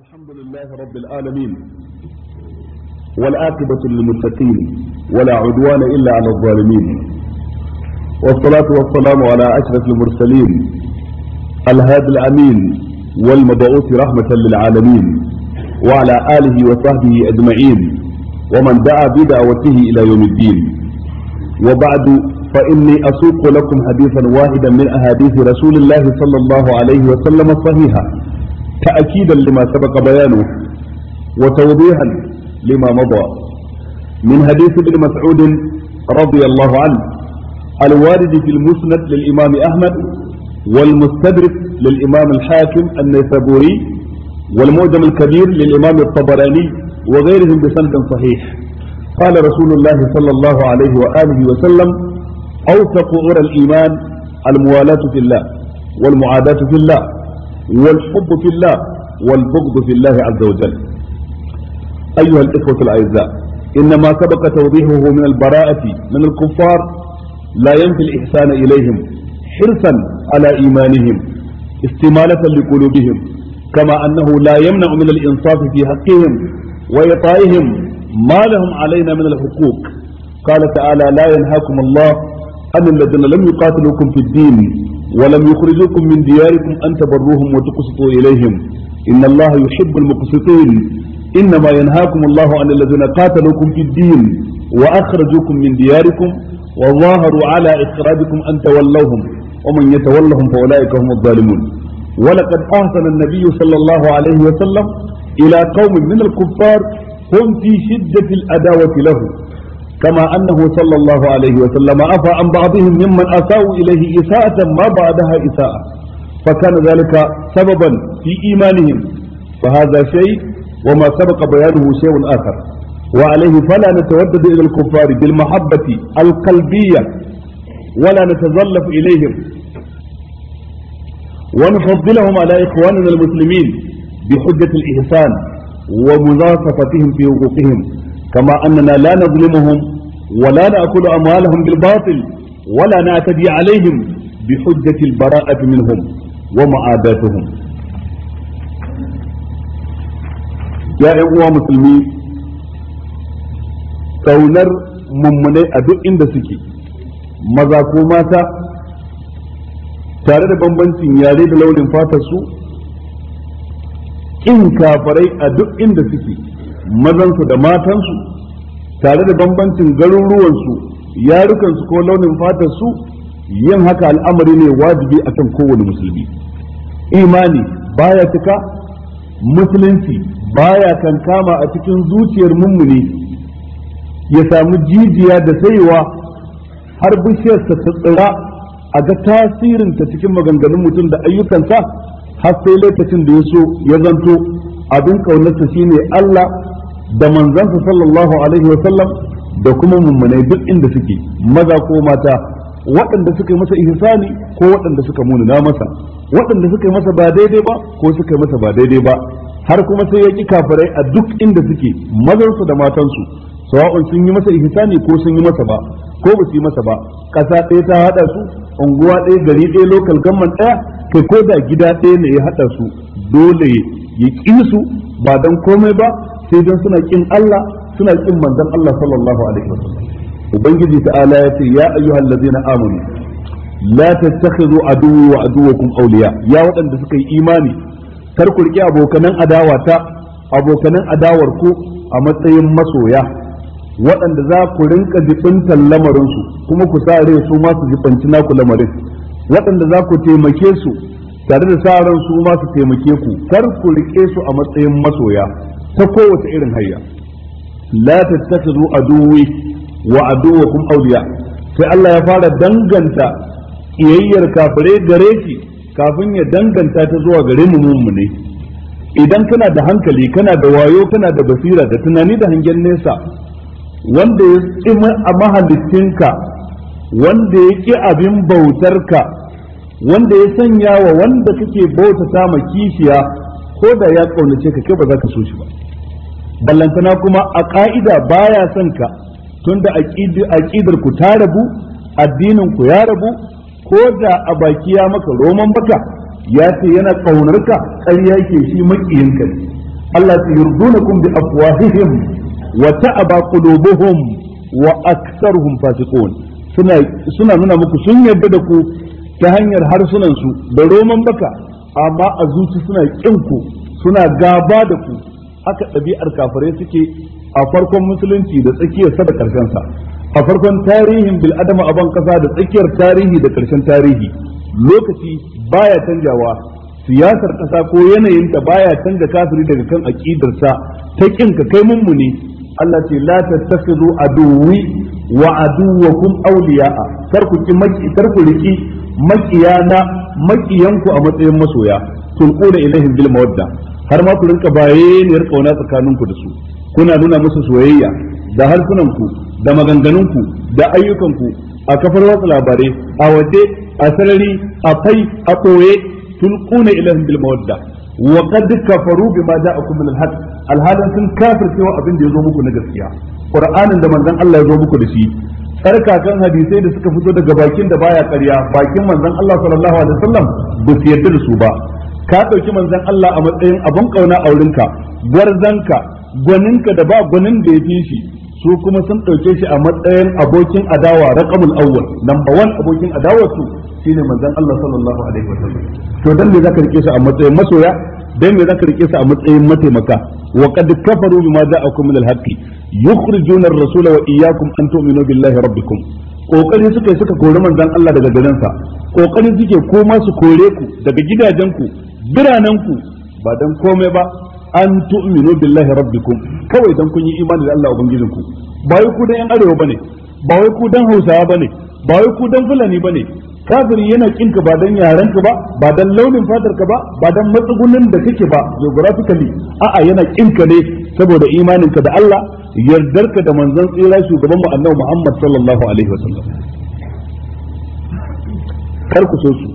الحمد لله رب العالمين والآكبة للمتقين ولا عدوان إلا على الظالمين والصلاة والسلام على أشرف المرسلين الهادي الأمين والمبعوث رحمة للعالمين وعلى آله وصحبه أجمعين ومن دعا بدعوته إلى يوم الدين وبعد فإني أسوق لكم حديثا واحدا من أحاديث رسول الله صلى الله عليه وسلم الصحيحة تأكيدا لما سبق بيانه وتوضيحا لما مضى من حديث ابن مسعود رضي الله عنه الوارد في المسند للإمام أحمد والمستدرك للإمام الحاكم النيسابوري والمعجم الكبير للإمام الطبراني وغيرهم بسند صحيح قال رسول الله صلى الله عليه وآله وسلم أوثق غر الإيمان الموالاة في الله والمعاداة في الله والحب في الله والبغض في الله عز وجل أيها الإخوة الأعزاء إن ما سبق توضيحه من البراءة من الكفار لا ينفي الإحسان إليهم حرصا على إيمانهم استمالة لقلوبهم كما أنه لا يمنع من الإنصاف في حقهم وإعطائهم ما لهم علينا من الحقوق قال تعالى لا ينهاكم الله أن الذين لم يقاتلوكم في الدين ولم يخرجوكم من دياركم أن تبروهم وتقسطوا إليهم إن الله يحب المقسطين إنما ينهاكم الله عن الذين قاتلوكم في الدين وأخرجوكم من دياركم وظاهروا على إخراجكم أن تولوهم ومن يتولهم فأولئك هم الظالمون ولقد أحسن النبي صلى الله عليه وسلم إلى قوم من الكفار هم في شدة الأداوة له كما أنه صلى الله عليه وسلم عفى عن بعضهم ممن أساءوا إليه إساءة ما بعدها إساءة فكان ذلك سببا في إيمانهم فهذا شيء وما سبق بيانه شيء آخر وعليه فلا نتودد إلى الكفار بالمحبة القلبية ولا نتزلف إليهم ونفضلهم على إخواننا المسلمين بحجة الإحسان ومناصفتهم في حقوقهم كما أننا لا نظلمهم ولا نأكل أموالهم بالباطل ولا نعتدي عليهم بحجة البراءة منهم ومعاداتهم يا أيها المسلمين kaunar mummunai a duk inda suke maza ko mata tare da bambancin yare da launin fatarsu in kafarai a duk inda suke mazansu da matansu tare da bambancin garuruwansu yarukansu ko launin fatar su yin haka al'amari ne wajibi a kan kowane musulmi imani baya cika musulunci baya kankama a cikin zuciyar mummuni ya samu jijiya da saiwa har bishiyarsa ta tsira a ga tasirinta cikin maganganun mutum da ayyukansa har sai lokacin da ya so ya zanto abin ƙaunarsa shine Allah da manzansa sallallahu alaihi wa sallam da kuma mummunai duk inda suke maza ko mata waɗanda suka yi masa ihsani ko waɗanda suka na masa waɗanda suka masa ba daidai ba ko suka masa ba daidai ba har kuma sai ya ki kafirai a duk inda suke mazansu da matansu sawa'un sun yi masa ihsani ko sun yi masa ba ko ba su yi masa ba ƙasa ɗaya ta haɗa su unguwa ɗaya gari ɗaya lokal gamman ɗaya kai ko da gida ɗaya ne ya haɗa su dole ya ƙi su ba don komai ba sai don suna kin Allah suna kin manzon Allah sallallahu alaihi wasallam ubangiji ta'ala ya ce ya ayyuhallazina amanu la tattakhidhu aduwwa wa aduwwakum awliya ya waɗanda suka yi imani kar ku riƙe abokanan ta abokanan adawar ku a matsayin masoya waɗanda za ku rinka jibintar lamarinsu kuma ku sa rai su masu jibinci naku lamarin waɗanda za ku taimake su tare da sa ran su masu taimake ku kar ku riƙe su a matsayin masoya ta kowace irin hayya la tattakhidhu aduwi wa aduwakum awliya sai Allah ya fara danganta iyayyar kafirai gare ki kafin ya danganta ta zuwa gare mu ne. idan kana da hankali kana da wayo kana da basira da tunani da hangen nesa wanda ya tsima a mahallicinka wanda ya ƙi abin bautarka wanda ya sanya wa wanda kake bautata ma kishiya ko da ya ƙaunace ka ke, ba za ka so shi ba ballantana kuma a ka'ida baya son ka tunda ƙidar ku ta rabu addinin ku ya rabu ko da a baki ya maka roman baka ya ce yana ƙaunar ka ƙarya ke shi maƙiyin ka Allah ta kun bi afwahihim wa ta'aba qulubuhum wa aktsaruhum fasiqun suna suna nuna muku sun yarda da ku ta hanyar harsunan su da roman baka amma a zuci suna kinku suna gaba da ku haka ɗabi'ar kafirai suke a farkon musulunci da tsakiyar sa da karshen sa a farkon tarihin bil adama a ban kasa da tsakiyar tarihi da ƙarshen tarihi lokaci baya canjawa siyasar ƙasa ko yanayin ta baya canza kafiri daga kan aqidar sa ta kin ka kai mummuni Allah ce la tattakhidu aduwi wa aduwakum awliya'a kar ku ki maki kar ku riki makiyana makiyanku a matsayin masoya tulquna ilaihim bil mawadda har ma ku rinka bayeniyar kauna tsakanin ku da su kuna nuna musu soyayya da harsunan ku da maganganun ku da ayyukan ku a kafar watsa labarai a waje a sarari a fai a koye tulquna ilahum bil mawadda wa qad kafaru bima ja'akum min al-haq alhalan sun kafircewa abin da yazo muku na gaskiya qur'anin da manzon Allah yazo muku da shi tsarkakan hadisai da suka fito daga bakin da baya karya, bakin manzon Allah sallallahu alaihi wasallam ba su yarda da su ba ka ɗauki manzon Allah a matsayin abun kauna a wurinka gwarzanka gwaninka da ba gwanin da ya fi shi su kuma sun ɗauke shi a matsayin abokin adawa raqamul awwal number one abokin adawar su shine manzon Allah sallallahu alaihi wasallam to dan me zaka rike shi a matsayin masoya dan me zaka rike su a matsayin mataimaka wa qad kafaru bima ja'akum min al-haqq yukhrijuna ar-rasula wa iyyakum an tu'minu billahi rabbikum kokari suka suka kori manzon Allah daga gidansa kokari suke koma su kore ku daga gidajen ku biranenku ba dan komai ba an tu'minu billahi rabbikum kawai dan kun yi imani da Allah ubangijinku ba wai ku dan yan arewa bane ba wai ku dan hausawa bane ba wai ku dan fulani bane kafiri yana kinka ba dan yarenka ba ba dan launin fatarka ba ba dan matsugunin da kake ba geographically a'a yana kinka ne saboda imaninka da Allah yardarka da manzon tsira shugaban mu annabi Muhammad sallallahu alaihi wasallam kar ku so su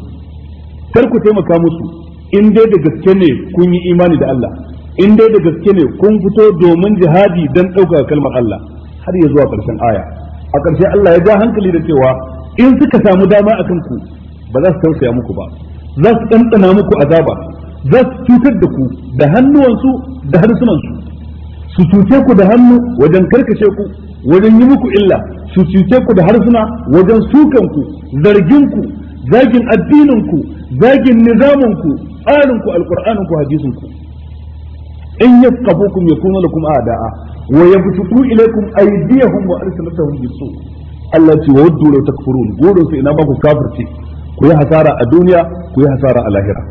kar ku taimaka musu in dai da gaske ne kun yi imani da Allah in dai da gaske ne kun fito domin jihadi dan ɗaukaka kalmar Allah har ya zuwa ƙarshen aya a ƙarshe Allah ya ja hankali da cewa in suka samu dama a kanku ba za su tausaya muku ba za su ɗanɗana muku azaba za su cutar da ku da hannuwansu da harsunansu su cuce ku da hannu wajen karkashe ku wajen yi muku illa su cuce ku da harsuna wajen sukanku zarginku zagin addininku zagin nizaminku qur'anin ku alqur'anin ku hadisin ku in yafqahukum yakunu lakum a'da'a wa yabsutu ilaykum aydiyahum wa arsalatuhum bisu Allah ce wa waddu law takfurun gurin su ina ba ku kafirci ku yi hasara a duniya ku yi hasara a lahira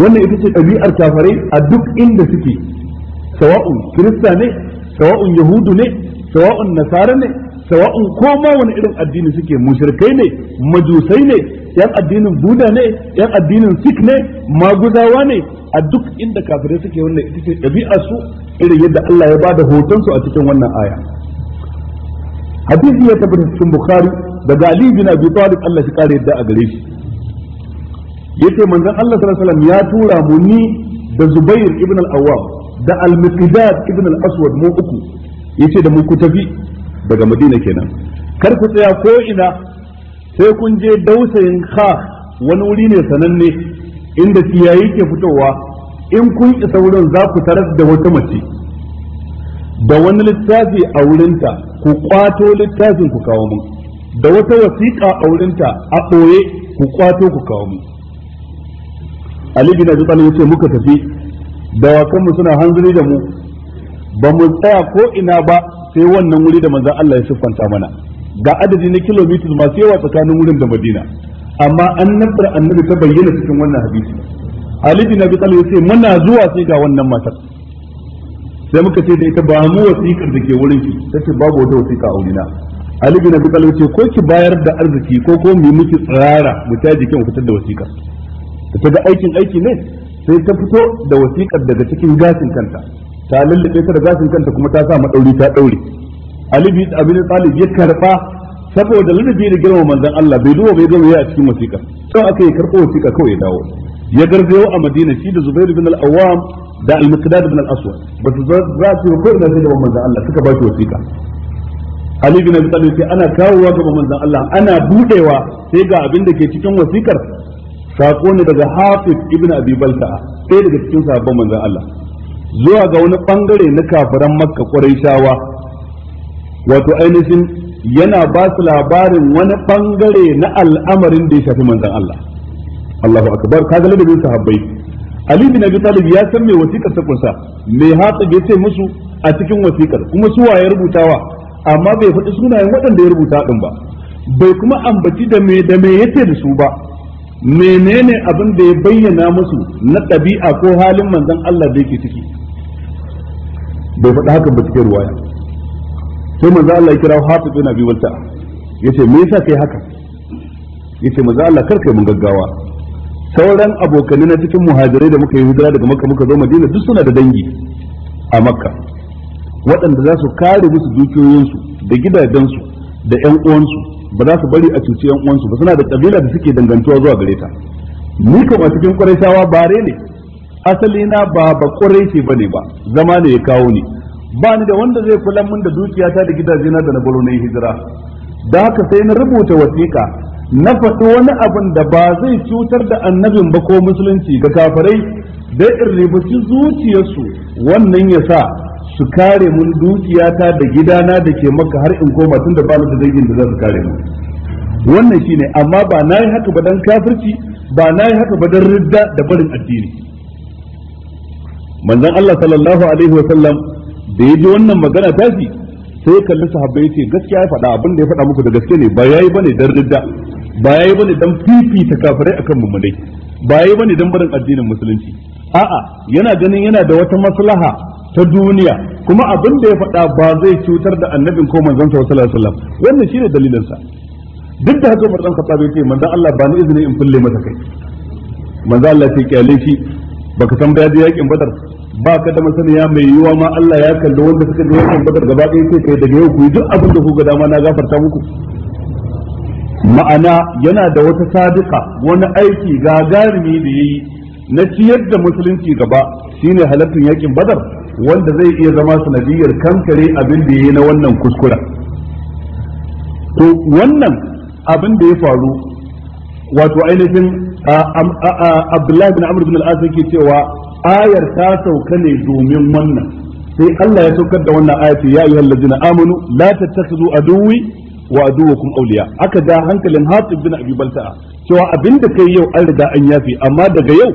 wannan ita ce dabi'ar kafirai a duk inda suke sawa'un kirista ne sawa'un yahudu ne sawa'un nasara ne sawa'un ko ma wani irin addini suke mushrikai ne majusai ne yan addinin buda ne yan addinin sik ne maguzawa ne a duk inda kafirai suke wannan ita ce ɗabi'a su irin yadda Allah ya bada hoton su a cikin wannan aya hadisi ya tabbata cikin bukhari daga ali bin abi talib Allah shi kare yadda a gare shi yace manzon Allah sallallahu alaihi wasallam ya tura mu ni da Zubair ibn al-Awwam da al-Miqdad ibn al-Aswad mu uku yace da mu ku tafi daga madina kenan kar ku tsaya ko ina sai kun je dausayin kha wani wuri ne sananne inda ciyayi ke fitowa in kun isa wurin za ku tarar da wata mace da wani littafi a wurinta ku kwato littafin ku kawo mu da wata wasiƙa a wurinta a ɓoye ku kwato ku kawo mu Ali bin Abi Talib yace muka tafi dawakanmu suna hanzuri da mu ba mu tsaya ko ina ba sai wannan wuri da manzon Allah ya siffanta mana ga adadi na kilomitar masu yawa tsakanin wurin da Madina amma an nabar annabi ta bayyana cikin wannan hadisi Ali bin Abi Talib ce muna zuwa sai ga wannan matar sai muka ce da ita ba mu wasiƙar da ke wurin ki ce babu wata wasiƙa a wurina Ali bin Abi Talib ce ko ki bayar da arziki ko ko mu miki tsirara mu ta mu fitar da wasiƙar ta ga aikin aiki ne sai ta fito da wasiƙar daga cikin gashin kanta ta lullube ta da gashin kanta kuma ta sa madauri ta daure Ali bin Abi Talib ya karba saboda ladabi da girma manzon Allah bai duba bai gama a cikin wasiƙa sai aka yi karɓo wasiƙa kawai ya dawo ya garzayo a Madina shi da Zubair bin al-Awwam da al-Miqdad bin al-Aswad ba su za su yi koyar da sai manzon Allah suka ba shi wasiƙa Ali bin Abi Talib sai ana kawowa gaban manzon Allah ana budewa sai ga abin da ke cikin wasiƙar sako ne daga Hafiz ibn Abi Balta'a sai daga cikin sahabban manzon Allah zuwa ga wani bangare na kafiran makka shawa wato ainihin yana ba su labarin wani bangare na al'amarin da ya shafi manzan Allah Allahu akbar kaga ladabin sahabbai Ali bin Abi Talib ya san me wasiƙar ta kunsa me hatsib ya ce musu a cikin wasiƙar kuma su waye rubutawa amma bai faɗi sunayen waɗanda ya rubuta din ba bai kuma ambaci da me da me yace da su ba menene abin da ya bayyana musu na ɗabi'a ko halin manzon Allah da yake ciki bai faɗa hakan ba cikin ruwaya sai manzo Allah ya kira Hafiz bin Abi Walta yace me yasa kai haka yace manzo Allah kar kai mun gaggawa sauran abokanai na cikin muhajirai da muka yi hijira daga Makka muka zo Madina duk suna da dangi a Makka waɗanda za su kare musu dukiyoyinsu da gidajensu da ƴan uwansu ba za su bari a cuci ƴan uwansu ba suna da kabila da suke dangantuwa zuwa gare ta ni kuma cikin Qurayshawa bare ne asali na ba ba ba ne ba zama ne ya kawo ni ba ni da wanda zai kula min da dukiyata da gidaje na da na baro na hijira da haka sai na rubuta wasiƙa na faɗi wani abin da ba zai cutar da annabin ba ko musulunci ga kafarai, da in zuciyarsu wannan ya sa su kare mun dukiyata da gidana da ke maka har in koma tun da bani da dangin da za su kare mu wannan shine amma ba na yi haka ba dan kafirci ba na yi haka ba dan ridda da barin addini manzon Allah sallallahu alaihi wa sallam da ya wannan magana ta sai ya kalli sahabbai yace gaskiya ya faɗa abin da ya faɗa muku da gaske ne ba yayi bane dan ridda ba yayi bane dan fifita kafirai akan mummunai ba yayi bane dan barin addinin musulunci a'a yana ganin yana da wata maslaha ta duniya kuma abin da ya faɗa ba zai cutar da annabin ko manzon sallallahu alaihi sallam wannan shine dalilin sa duk da haka Umar dan Khattab yake manzon Allah ba ni izini in fille masa kai manzon Allah sai kyale baka san ba je yakin badar ba ka da masaniya mai yiwa ma Allah ya kalli wanda suka je yakin badar gaba ɗaya sai kai daga yau ku yi duk abin da ku ga dama na gafarta muku ma'ana yana da wata sadiqa wani aiki gagarumi da yayi na ciyar da musulunci gaba shine halattun yakin badar wanda zai iya zama sanadiyar kankare abin da yayi na wannan kuskura to wannan abin da ya faru wato ainihin Abdullahi bin Amr bin al-As yake cewa ayar ta sauka ne domin wannan sai Allah ya saukar da wannan ayati ya ayyuhal na amanu la a duwi wa kuma awliya aka ga hankalin Hatib bin Abi Balta'a cewa abinda kai yau an riga an yafi amma daga yau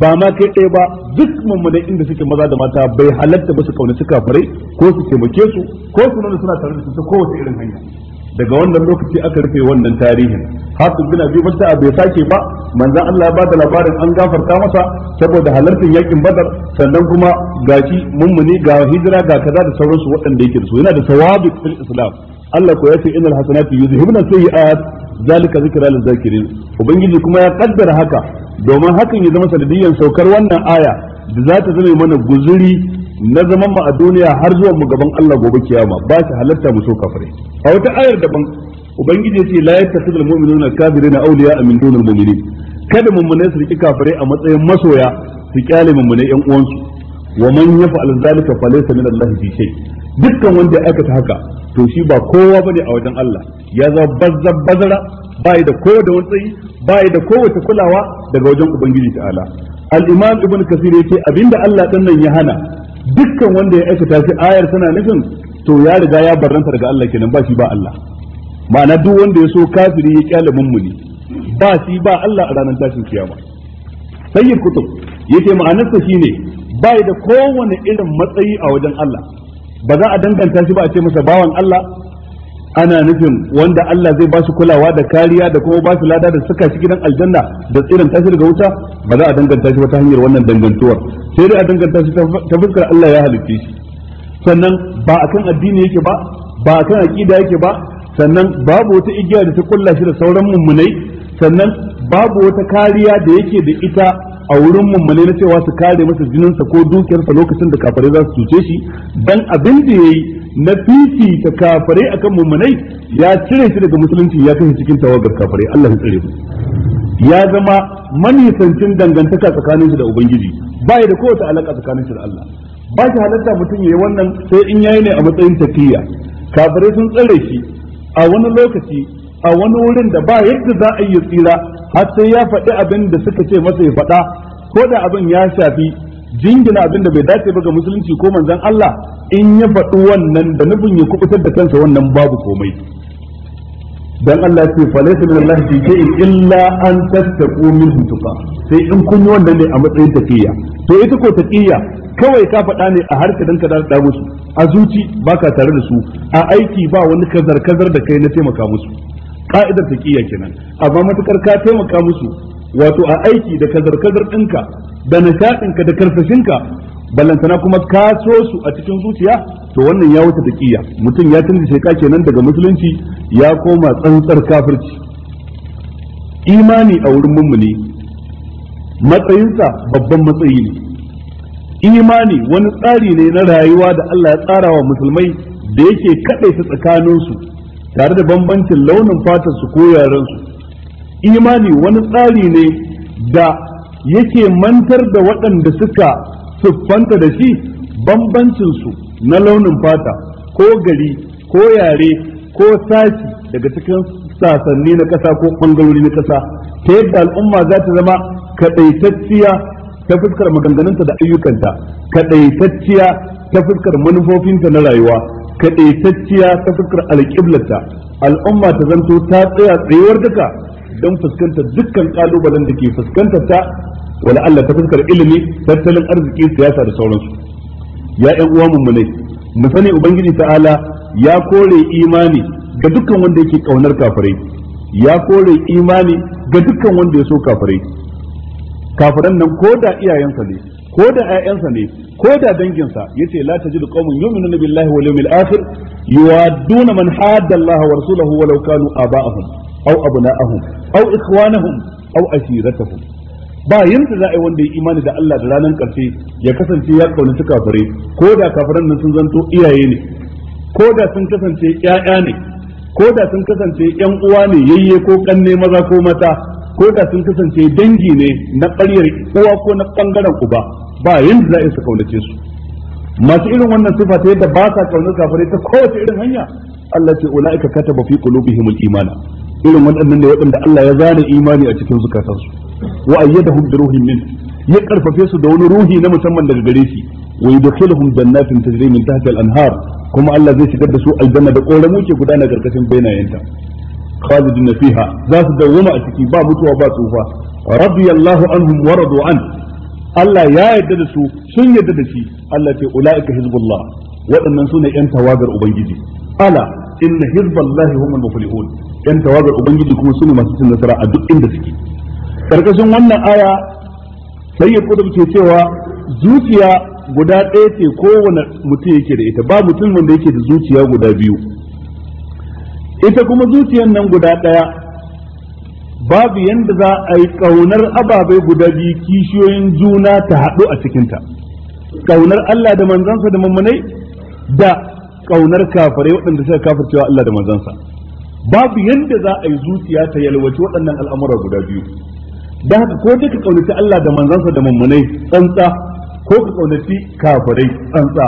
ba ma kai ɗaya ba duk mummunan inda suke maza da mata bai halatta ba su kaunaci kafirai ko su taimake su ko su nuna suna tare da su ta kowace irin hanya daga wannan lokaci aka rufe wannan tarihin hafiz bin abi balta bai sake ba manzon Allah ya ba da labarin an gafarta masa saboda halartar yakin badar sannan kuma gashi mummuni ga hijira ga kaza da sauransu waɗanda yake da su yana da sawabi fil islam Allah ko ya ce innal hasanati yuzhibna sayi'at zalika zikra lil zakirin ubangiji kuma ya kaddara haka domin hakan ya zama sanadiyan saukar wannan aya da za ta zama mana guzuri na zaman mu a duniya har zuwa mu gaban Allah gobe kiyama ba shi halatta mu so kafirai a wata ayar daban ubangiji ya ce la yattakhidhu na kafirina awliya min dunil mu'minin kada mummune su riki kafirai a matsayin masoya su kyale mummune yan uwansu wa man yaf'al zalika falaysa min Allah fi shay dukkan wanda ya aikata haka to shi ba kowa bane a wajen Allah ya za bazzab bazara bai da kowa da wani bai da kowace kulawa daga wajen ubangiji ta'ala al-imam ibn kasir yace abinda Allah dan nan ya hana dukkan wanda ya aikata shi ayar tana nufin to ya riga ya barranta daga Allah kenan ba shi ba Allah ma'ana duk wanda ya so kafiri ya kyale mummuni ba shi ba Allah a ranar tashin kiyama sayyid kutub ma'anar ma'anarsa shine bai da kowane irin matsayi a wajen Allah ba za a danganta shi ba a ce masa bawan Allah ana nufin wanda Allah zai ba kulawa da kariya da kuma ba lada da suka shi gidan aljanna da tsirin tashi daga wuta ba za a danganta shi ba ta hanyar wannan dangantuwar sai dai a danganta shi ta fuskar Allah ya halitta shi sannan ba akan addini yake ba ba akan aqida yake ba sannan babu wata igiya da ta kulla shi da sauran mummunai sannan babu wata kariya da yake da ita a wurin mummule na cewa su kare masa jininsa ko dukiyarsa lokacin da kafare za su cuce shi dan abin da ya yi na fifi ta kafare akan mummunai ya cire shi daga musulunci ya kai cikin tawagar kafare Allah ya tsare ya zama manisancin dangantaka tsakanin shi da ubangiji ba da kowace alaka tsakanin shi da Allah ba shi halatta mutum ya yi wannan sai in ya yi ne a matsayin tafiya kafare sun tsare shi a wani lokaci a wani wurin da ba yadda za a yi tsira har sai ya faɗi abin da suka ce masa ya faɗa ko da abin ya shafi jingina abin da bai dace ba ga musulunci ko manzon Allah in ya faɗi wannan da nufin ya kubutar da kansa wannan babu komai dan Allah ce fa laysa min Allah shay'in illa an tattaqu min tuqa sai in kun yi wannan ne a matsayin tafiya. to ita ko tafiya kawai ka faɗa ne a harka dan ka da musu a zuci baka tare da su a aiki ba wani kazar kazar da kai na taimaka musu ka'idar ta kiyaye kenan amma matukar ka taimaka musu wato a aiki da kazar-kazar ɗinka da nishaɗinka da karfashinka ballantana kuma ka so su a cikin zuciya to wannan ya wuce taqiyya mutum ya canza sheka kenan daga musulunci ya koma tsantsar kafirci imani a wurin mummuni matsayinsa babban matsayi ne imani wani tsari ne na rayuwa da Allah ya tsara wa musulmai da yake kaɗai ta tsakaninsu tare da bambancin launin fatar su ko yaren su imani wani tsari ne da yake mantar da waɗanda suka siffanta da shi bambancin su na launin fata ko gari ko yare ko sashi daga cikin sasanni na ƙasa ko ɓangarori na ƙasa ta yadda al'umma za ta zama kaɗaitacciya ta fuskar maganganunta da ayyukanta kaɗaitacciya ta fuskar manufofinta na rayuwa kadaitacciya ta fuskar alƙiblata al'umma ta zanto ta tsaya tsayuwar duka don fuskanta dukkan kalubalen da ke fuskantar ta wala Allah ta fuskar ilimi tattalin arziki siyasa da sauransu ya ɗan uwa mummunai mu sani ubangiji ta'ala ya kore imani ga dukkan wanda yake kaunar kafirai ya kore imani ga dukkan wanda ya so kafirai kafiran nan ko da iyayensa ne ko da ƴaƴansa ne ko da danginsa yace la tajidu qauman yu'minuna billahi wal yawmil akhir yuwadduna man hadda Allah wa rasulahu walau kanu aba'ahum aw abna'ahum aw ikhwanahum aw ashiratahum ba yanzu za a yi wanda ya imani da Allah da ranar ƙarshe ya kasance ya kaunaci kafare ko da kafiran nan sun zanto iyaye ne ko da sun kasance ƴaƴa ne ko da sun kasance ƴan uwa ne yayye ko kanne maza ko mata ko da sun kasance dangi ne na ƙaryar uwa ko na ɓangaren uba ba yanda za a su kaunace su masu irin wannan sifa ta yadda ba sa kaunar kafirai ta kowace irin hanya Allah ce ulaika kataba fi qulubihim imana irin waɗannan ne waɗanda Allah ya zana imani a cikin zukatansu wa ayyadahum bi ruhin min ya karfafe su da wani ruhi na musamman daga gare shi wa yudkhiluhum jannatin tajri min tahtiha al-anhar kuma Allah zai shigar da su aljanna da koramu ke gudana karkashin bainayenta khalidina fiha za su dawwama a ciki ba mutuwa ba tsufa radiyallahu anhum wa radu an Allah ya yarda da su sun yarda da shi Allah ce ulaika hizbullah waɗannan sune yan tawagar ubangiji ala inna hizballahi humul muflihun yan tawagar ubangiji kuma sune masu cin nasara a duk inda suke karkashin wannan aya sai ya kudu ke cewa zuciya guda ɗaya ce kowane mutum yake da ita ba mutum wanda yake da zuciya guda biyu ita kuma zuciyar nan guda ɗaya babu yanda za a yi kaunar ababai guda biyu kishiyoyin juna ta haɗu a cikinta Ƙaunar Allah da manzansa da mummunai da kaunar kafare waɗanda suka kafircewa Allah da manzansa babu yanda za a yi zuciya ta yalwaci waɗannan al'amura guda biyu da haka ko duka kaunaci Allah da manzansa da mummunai tsantsa ko ka kaunaci kafirai tsantsa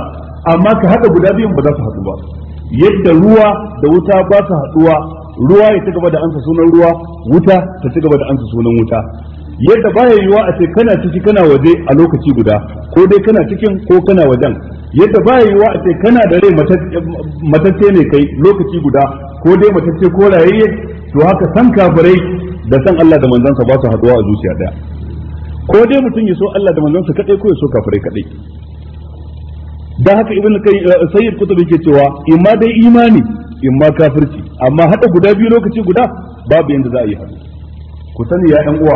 amma ka haɗa guda biyun ba za su haɗu ba yadda ruwa da wuta ba su haɗuwa ruwa ya ci gaba da ansa sunan ruwa wuta ta ci gaba da ansa sunan wuta yadda baya yiwa a ce kana ciki kana waje a lokaci guda ko dai kana cikin ko kana wajen yadda baya yiwa a ce kana da rai matacce ne kai lokaci guda ko dai matacce ko rayayye to haka san kafirai da san Allah da manzansa ba su haduwa a zuciya daya ko dai mutum ya so Allah da manzansa kadai ko ya so kafirai kadai da haka ibn eh, sayyid kutubi ke cewa imma dai imani in ma kafirci amma haɗa guda biyu lokaci guda babu yanda za a yi haɗu ku sani ya ƴan uwa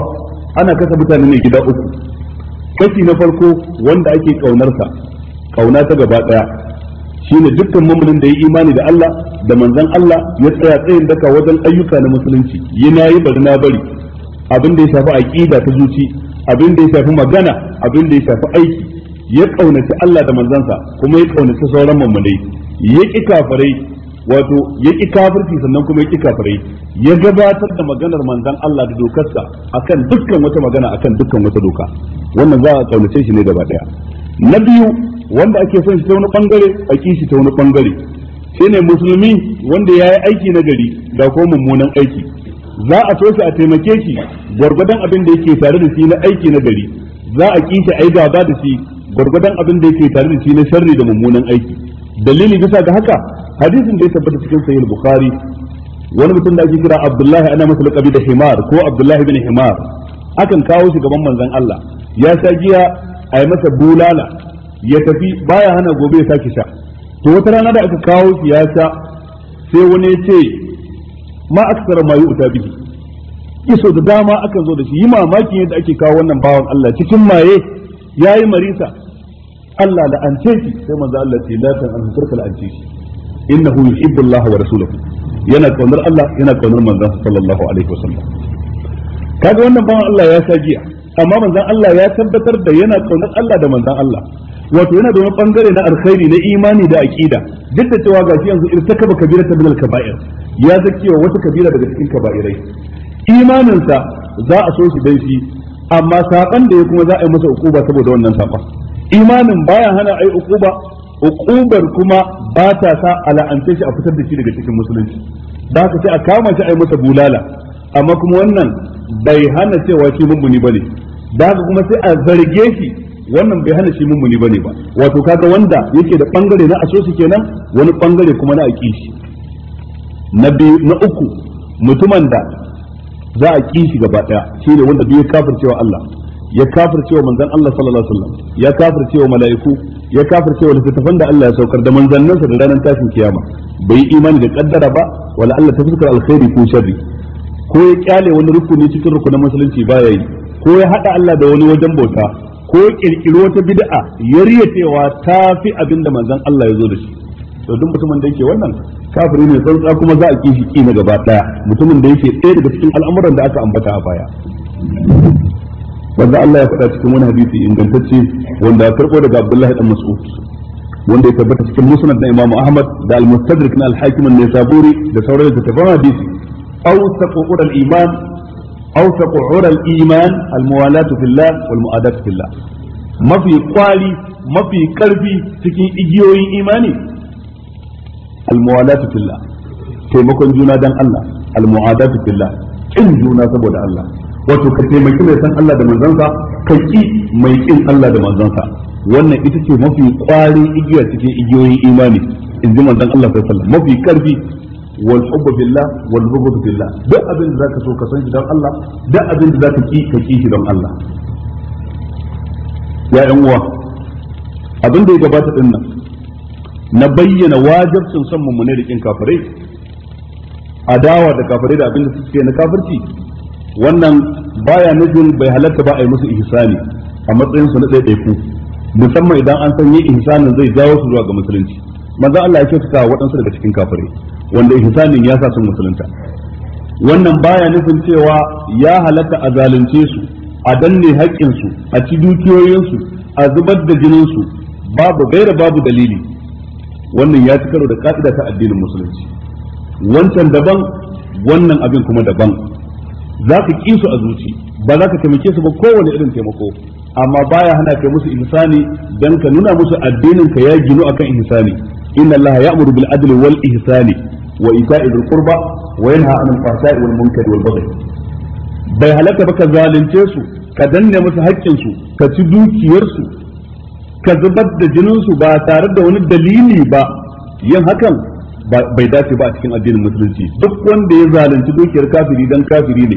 ana kasa mutane ne gida uku kashi na farko wanda ake ƙaunarsa ƙauna ta gaba ɗaya shine dukkan mu'minin da ya imani da Allah da manzon Allah ya tsaya tsayin daka wajen ayyuka na musulunci yana yi bari na bari abin da ya shafi aqida ta zuci abin da ya shafi magana abin da ya shafi aiki ya kaunaci Allah da manzansa kuma ya kaunaci sauran mummunai ya ƙi kafirai wato ya ki kafirci sannan kuma ya ƙi kafirai ya gabatar da maganar manzan Allah da dokarsa akan dukkan wata magana akan dukkan wata doka wannan za a kaunace shi ne gaba daya na biyu wanda ake son shi ta wani bangare a ƙi shi ta wani bangare shine musulmi wanda ya yi aiki na gari ga ko mummunan aiki za a so shi a taimake shi gwargwadon abin da yake tare da shi na aiki na gari za a ƙi shi a yi gaba da shi gwargwadon abin da yake tare da shi na sharri da mummunan aiki dalili bisa ga haka hadisin da ya tabbata cikin sahih bukhari wani mutum da ake kira abdullahi ana masa laqabi da himar ko abdullahi bin himar akan kawo shi gaban manzon Allah ya sha giya a yi masa bulala ya tafi baya hana gobe ya sake sha to wata rana da aka kawo shi ya sha sai wani ya ce ma aksara ma yu'ta bihi iso da dama akan zo da shi yi mamakin yadda ake kawo wannan bawan Allah cikin maye ya yi marisa Allah la'ance shi sai manzo Allah ce la tan an la'ance shi innahu yuhibbu Allah wa rasuluhu yana kaunar Allah yana kaunar manzon sallallahu alaihi wasallam kaga wannan bawan Allah ya sa giya amma manzon Allah ya tabbatar da yana kaunar Allah da manzon Allah wato yana da wani bangare na alkhairi na imani da aqida duk da cewa gashi yanzu irtakaba kabiratan min al-kaba'ir ya zakiwa wata kabira daga cikin kaba'irai imaninsa za a so shi dan shi amma saban da ya kuma za a yi masa ukuba saboda wannan saban imanin baya hana ai ukuba Hukumar kuma ba ta sa ala'ance shi a fitar da shi daga cikin musulunci da haka sai a kama shi a yi masa bulala amma kuma wannan bai hana cewa shi mummuni ne. da haka kuma sai a zarge shi wannan bai hana shi mummuni bane ba wato kaga wanda yake da bangare na asosi kenan wani bangare kuma na aƙi shi na biyu na uku mutumin da za a ƙi shi gaba ɗaya shi ne wanda biyu cewa Allah ya kafirce cewa manzan Allah sallallahu alaihi wasallam ya kafirce cewa mala'iku ya kafirce cewa littattafan da Allah ya saukar da manzannansa da ranar tashin kiyama bai imani da kaddara ba wala Allah ta fuskar alkhairi ko sharri ko ya kyale wani rukuni cikin rukunin musulunci baya yi ko ya hada Allah da wani wajen bauta ko ya kirkiro wata bid'a ya cewa ta fi abin Allah ya zo da shi to duk mutumin da yake wannan kafiri ne tsantsa kuma za a kishi ki na gaba daya mutumin da yake ɗaya daga cikin al'amuran da aka ambata a baya wanda Allah ya faɗa cikin wani hadisi ingantacce wanda ya karɓo daga Abdullahi dan Mas'ud wanda ya tabbata cikin musnad na Imam Ahmad da al mustadrik na al-Hakim an-Nisaburi da sauran littattafan hadisi aw taqur al-iman aw taqur al-iman al-muwalatu fillah wal mu'adatu fillah mafi kwali mafi karfi cikin igiyoyin imani al-muwalatu fillah taimakon juna dan Allah al-mu'adatu fillah kin juna saboda Allah wato ka taimaki mai san Allah da manzansa ka ki mai kin Allah da manzansa wannan ita ce mafi kwarin igiya cikin igiyoyin imani in ji manzon Allah sallallahu alaihi wasallam mafi karfi wal hubbu billah wal bughd billah duk abin da zaka so ka san shi don Allah duk abin da zaka ki ka ki shi don Allah ya yan uwa abin da ya gabata din nan na bayyana wajibcin son mummune da kin kafirai adawa da kafirai da abin da suke na kafirci wannan baya nufin bai halatta ba a yi musu ihsani a matsayin su na ɗaiɗaiku musamman idan an san yi ihsanin zai jawo su zuwa ga musulunci manzo Allah ya suka waɗansu daga cikin kafirai wanda ihsanin ya sa sun musulunta wannan baya nufin cewa ya halatta a zalunce su a danne haƙƙin su a ci dukiyoyin su a zubar da jinin su babu gaira babu dalili wannan ya ci karo da ka'ida ta addinin musulunci wancan daban wannan abin kuma daban za ka ƙi su a zuci ba za ka taimake su ba kowane irin taimako amma baya hana kai musu ihsani dan ka nuna musu addinin ka ya ginu akan ihsani inna allaha ya'muru bil adli wal ihsani wa ita'i dhil qurba wa yanha 'anil fahsai wal munkari wal baghi bai halaka ba ka zalunce su ka danne musu haƙƙin su ka ci dukiyar su ka zubar da jinin su ba tare da wani dalili ba yin hakan bai dace ba a cikin addinin musulunci duk wanda ya zalunci dukiyar kafiri dan kafiri ne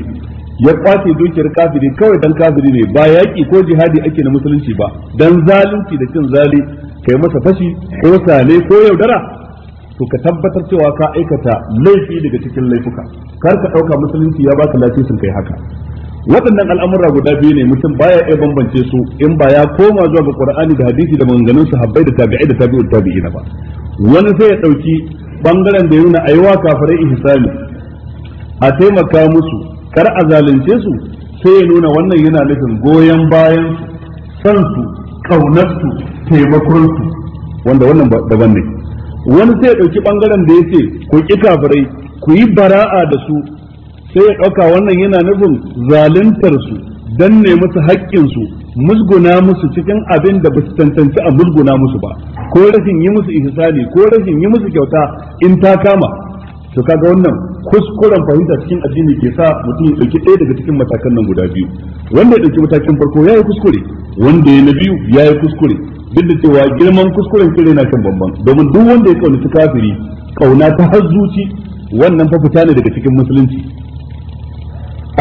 ya kwace dukiyar kafiri kawai dan kafiri ne ba yaki ko jihadi ake na musulunci ba dan zalunci da cin zali kai masa fashi ko sale ko yaudara to ka tabbatar cewa ka aikata laifi daga cikin laifuka kar ka ɗauka musulunci ya baka lasisin kai haka waɗannan al'amura guda biyu ne mutum baya iya bambance su in ba ya koma zuwa ga ƙur'ani, da hadisi da maganganun sahabbai da tabi'ai da tabi'ut tabi'ina ba wani sai ya ɗauki. bangaren da ya nuna aiwa kafirai ihsani a taimaka musu kar a zalunce su sai ya nuna wannan yana nufin goyon bayan su san su kaunar su taimakon su wanda wannan daban ne wani sai ya dauki bangaren da yace ku ki kafirai ku yi bara'a da su sai ya dauka wannan yana nufin zaluntar su danne musu haƙƙin su musguna musu cikin abin da ba tantance a musguna musu ba ko rashin yi musu ihsani ko rashin yi musu kyauta in ta kama to kaga wannan kuskuren fahimta cikin addini ke sa mutum ya dauki ɗaya daga cikin matakan nan guda biyu wanda ya ɗauki matakin farko ya yi kuskure wanda ya na biyu ya yi kuskure duk da cewa girman kuskuren kire na kan bambam domin duk wanda ya kaunaci kafiri kauna ta har wannan fa fita ne daga cikin musulunci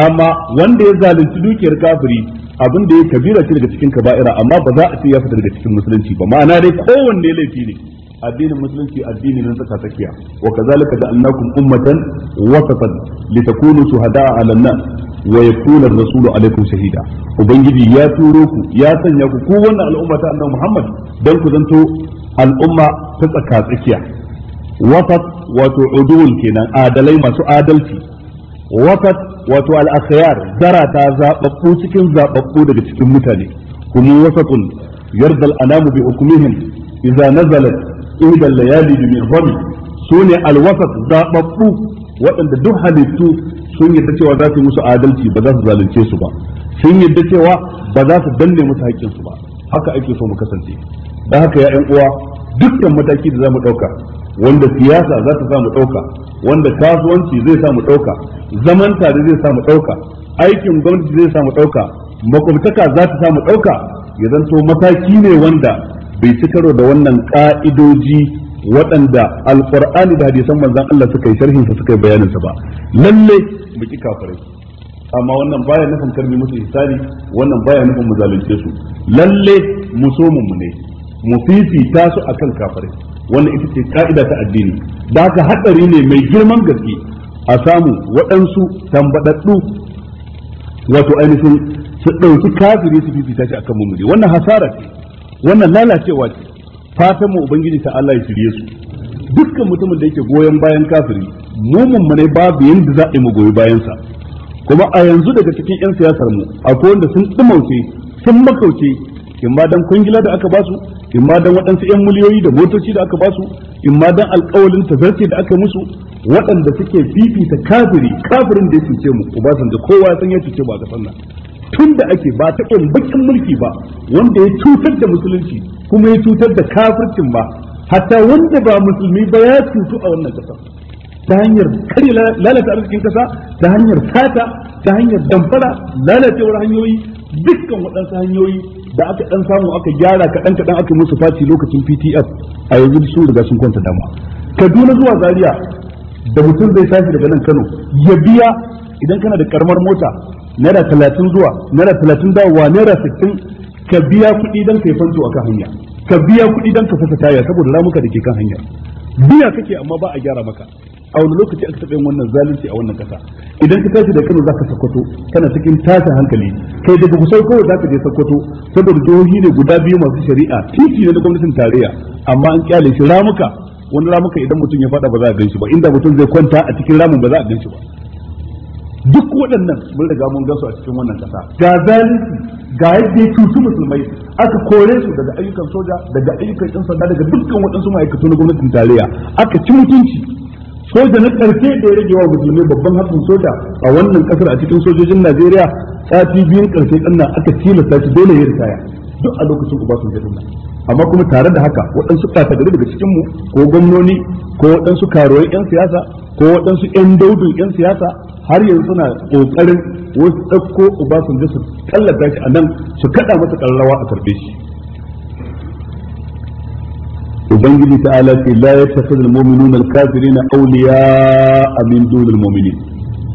amma wanda ya zalunci dukiyar kafiri abin da ya kabira ce daga cikin kaba'ira amma ba za a ce ya fita daga cikin musulunci ba ma'ana dai kowanne laifi ne addinin musulunci addini na tsaka tsakiya wa kazalika ja'alnakum ummatan wasatan litakunu shuhada'a 'alan nas wa yakuna rasulu 'alaykum shahida ubangiji ya turo ku ya sanya ku ko wannan al'umma ta annabi Muhammad dan ku zanto al'umma ta tsaka tsakiya Wasaf wato udul kenan adalai masu adalci wafat wato al zarata zaɓaɓɓu cikin zaɓaɓɓu daga cikin mutane kuma wasatun yarda al-anamu bi hukmihim idza nazalat inda layali bi mihwami sune al-wasat waɗanda duk halittu sun yadda cewa za su yi musu adalci ba za su zalunce su ba sun yadda cewa ba za su danne musu haƙƙin su ba haka ake so mu kasance da haka ya 'yan uwa dukkan mataki da za mu ɗauka wanda siyasa za ta sa mu ɗauka wanda kasuwanci zai samu ɗauka zaman tare zai samu ɗauka aikin gwamnati zai samu ɗauka makwabtaka za ta samu ɗauka ya zanto mataki ne wanda bai ci karo da wannan ƙa'idoji waɗanda alƙur'ani da hadisan manzan Allah suka yi sharhin sa suka yi bayanin sa ba lalle mu ki kafirai amma wannan baya nufin karmi musu hisari wannan baya nufin mu zalunce su lalle mu so mu ne mu fifita su akan kafare. wannan ita ce ka'ida ta addini da haka hadari ne mai girman gaske a samu waɗansu tambaɗaɗɗu wato ainihin su ɗauki kafiri su fifita shi akan mummuni wannan hasara ce wannan lalacewa ce fatan mu ubangiji ta Allah ya shirye su dukkan mutumin da yake goyon bayan kafiri mu mummune babu yanda za a yi mu goyi bayan sa kuma a yanzu daga cikin yan siyasar mu akwai wanda sun dumauce sun makauce in ba dan kwangila da aka basu in ma dan waɗansu 'yan miliyoyi da motoci da aka basu in ma dan alƙawalin tazarce da aka musu waɗanda suke fifita kafiri kafirin da ya cuce mu obasanjo kowa ya san ya cuce ba ga sannan tun da ake ba ta bakin mulki ba wanda ya cutar da musulunci kuma ya cutar da kafircin ba hatta wanda ba musulmi ba ya cutu a wannan kasa ta hanyar kare lalata arzikin ƙasa ta hanyar fata, ta hanyar damfara lalacewar hanyoyi dukkan waɗansu hanyoyi da aka dan samu aka gyara kaɗan kaɗan aka musu faci lokacin PTF a yanzu sun riga sun kwanta dama Kaduna zuwa Zaria da mutum zai tashi daga nan Kano ya biya idan kana da karamar mota naira talatin zuwa naira talatin dawowa naira sittin ka biya kuɗi don ka yi fanto a kan hanya ka biya kuɗi don ka fasa taya saboda ramuka da ke kan hanya biya kake amma ba a gyara maka a wani lokaci aka taɓa yin wannan zalunci a wannan ƙasa idan ka tashi da Kano za ka sakwato kana cikin tasa hankali kai daga kusa kawai ka je sakwato saboda jihohi ne guda biyu masu shari'a titi ne na gwamnatin tarayya amma an kyale shi ramuka wani ramuka idan mutum ya faɗa ba za a gan shi ba inda mutum zai kwanta a cikin ramin ba za a gan shi ba duk waɗannan mun riga mun gasu a cikin wannan ƙasa ga zalunci ga yadda ya cutu musulmai aka kore su daga ayyukan soja daga ayyukan ɗan sanda daga dukkan waɗansu ma'aikatu na gwamnatin tarayya aka ci mutunci soja na karfe da ya rage wa musulmi babban hafin soja a wannan kasar a cikin sojojin Najeriya sati biyun karfe ɗanna aka tilasta shi dole ya ritaya duk a lokacin ku ba su jirgin amma kuma tare da haka waɗansu ƙasa gari daga cikinmu ko gwamnoni ko waɗansu karuwar 'yan siyasa ko waɗansu 'yan daudin 'yan siyasa har yanzu suna ƙoƙarin wasu ɗauko Obasanjo su tallata shi a nan su kaɗa masa ƙararrawa a karɓe shi ubangiji ta'ala ce la yattakhidul kafiri na kafirina a min dunil mu'minin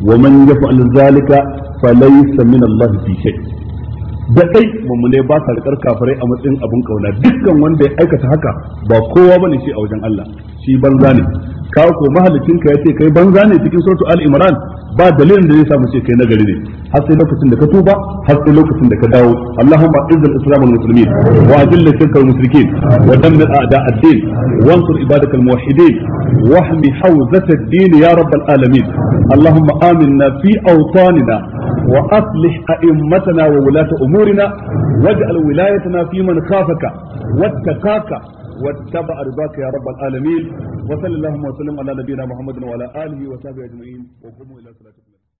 wa man yaf'al dhalika falaysa min Allah fi shay da kai mummune ba sa rikar kafirai a matsayin abun kauna dukkan wanda ya aikata haka ba kowa bane shi a wajen Allah shi banza ne ka ko mahalicinka yace kai banza ne cikin suratul al-imran ba dalilin da zai sa mu ce kai nagari ne har sai lokacin da ka tuba har sai lokacin da ka dawo Allahumma izzil islam wal muslimin wa azil shirka wal mushrikin wa dammir a'da ad-din wa ansur ibadak al muwahhidin wa ahmi hawzat ad-din ya rabb al alamin Allahumma aminna fi awtanina وأصلح أئمتنا وولاة أمورنا واجعل واتبع رضاك يا رب العالمين وصلى اللهم وسلم على نبينا محمد وعلى اله وصحبه اجمعين وقوموا الى صلاه